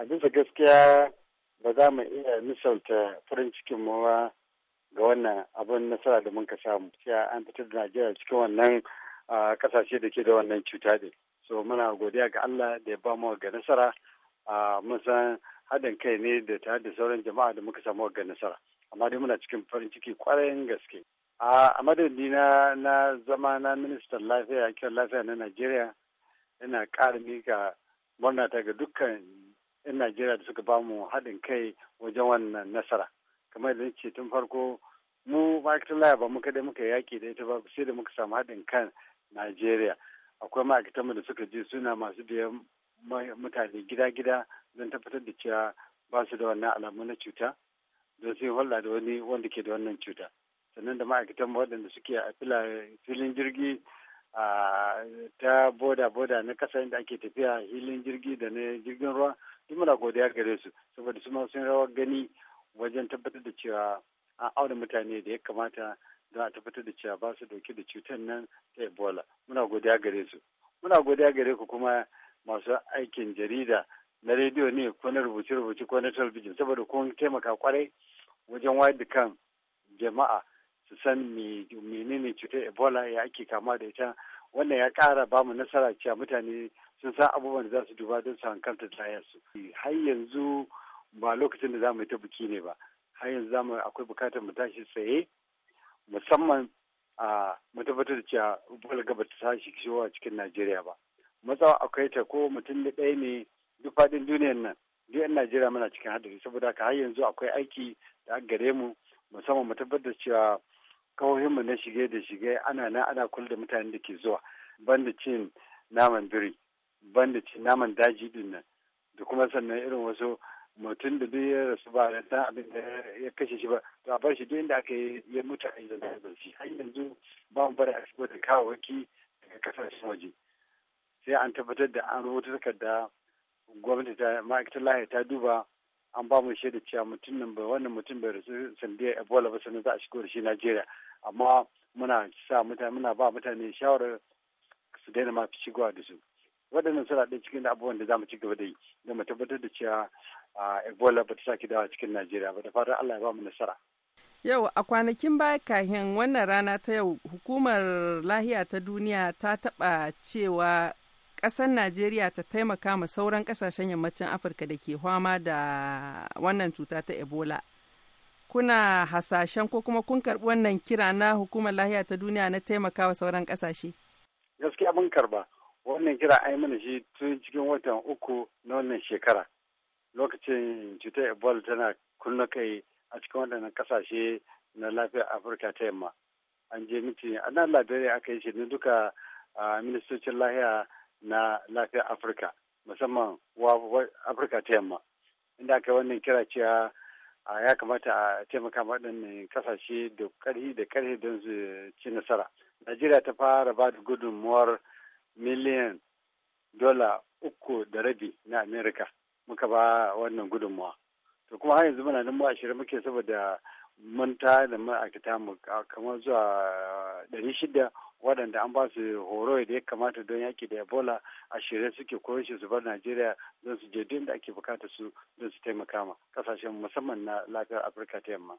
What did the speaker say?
a bisa gaskiya ba za mu iya misalta farin cikin mu ba ga wannan abin nasara da muka samu sai an fitar da najeriya cikin wannan kasashe da ke da wannan cuta ne so muna godiya ga allah da ya ba mu ga nasara mun san haɗin kai ne da ta da sauran jama'a da muka samu ga nasara amma dai muna cikin farin ciki kwarai gaske a madadi na na zama na ministan lafiya kiwon lafiya na najeriya yana ƙara mika murna ta ga dukkan 'yan Najeriya da suka bamu haɗin kai wajen wannan nasara. Kamar da ce tun farko mu ma'aikatan laya ba muka dai muka yaƙi da ita ba sai da muka samu haɗin kan Najeriya. Akwai ma'aikatan mu da suka ji suna masu biyan mutane gida-gida don tabbatar da cewa ba su da wannan alamu na cuta don sai holla da wani wanda ke da wannan cuta. Sannan da ma'aikatan mu waɗanda suke a filin jirgi ta boda-boda na ƙasa inda ake tafiya filin jirgi da na jirgin ruwa duk muna godiya gare su saboda su sun rawa gani wajen tabbatar da cewa an auna mutane da ya kamata don a tabbatar da cewa ba su dauke da cutar nan ta ebola muna godiya gare su muna godiya gare ku kuma masu aikin jarida na rediyo ne ko na rubuce-rubuce ko na talabijin saboda kun taimaka kwarai wajen wayar da kan jama'a su san menene cutar ebola ya ake kama da ita wannan ya kara ba mu nasara cewa mutane sun san abubuwan da za su duba don su kanta da su har yanzu ba lokacin da za mu yi ta biki ne ba har yanzu za mu akwai bukatar mu tashi tsaye musamman a mu tabbatar da cewa bola gaba ta tashi shigowa cikin najeriya ba matsawa akwai ta ko mutum da ɗaya ne duk faɗin duniyar nan duk yan najeriya muna cikin hadari saboda haka har yanzu akwai aiki da gare mu musamman mu tabbatar da cewa mu na shige da shige ana na ana kula da mutanen da ke zuwa banda cin naman biri banda cin naman daji din nan da kuma sannan irin wasu mutum da duk ya rasu ba da san abin da ya kashe shi ba to a bar shi duk inda aka yi ya mutu a yanzu da har yanzu ba mu bari a shigo da kawaki daga kasashen waje sai an tabbatar da an rubuta takarda gwamnati ta ma'aikatar lahiya ta duba an ba mu shaida cewa mutum nan bai wannan mutum bai rasu sandiyar ebola ba sannan za a shigo da shi najeriya amma muna sa mutane muna ba mutane shawarar su daina ma shigowa da su waɗannan suna ɗaya cikin abubuwan da za mu ci gaba da yi da mu tabbatar da cewa ebola ba ta sake dawa cikin najeriya ba da fatan allah ya ba mu nasara Yau a kwanakin baya kahin wannan rana ta yau hukumar lahiya ta duniya ta taɓa cewa ƙasar Najeriya ta taimaka ma sauran ƙasashen yammacin Afirka da ke fama da wannan cuta ta Ebola. Kuna hasashen ko kuma kun karbi wannan kira na hukumar lahiya ta duniya na taimaka wa sauran ƙasashe? Gaskiya mun karba Wannan kira ai mana shi tun cikin watan uku na wannan shekara. Lokacin cutar Ebola tana kunna kai a cikin waɗannan kasashe na lafiyar Afirka ta yamma. An je miti, ana nan aka yi shi duka ministocin lahiya na lafiyar afirka musamman wa afirka ta yamma inda aka wannan kira cewa a ya kamata a taimaka waɗannan kasashe da ƙarfi da ƙarfi don su ci nasara najeriya ta fara ba da gudunmuwar miliyan dola uku da rabi na amerika muka ba wannan gudunmuwa to kuma har yanzu muna nan mu ashirin muke saboda mun ta da ma'aikata mu kamar zuwa ɗari shida waɗanda an ba su horo da ya kamata don yaki da ebola a shirye suke koyaushe su bar najeriya don su je da ake bukata su don su taimaka ma kasashen musamman na lafiyar afirka ta yamma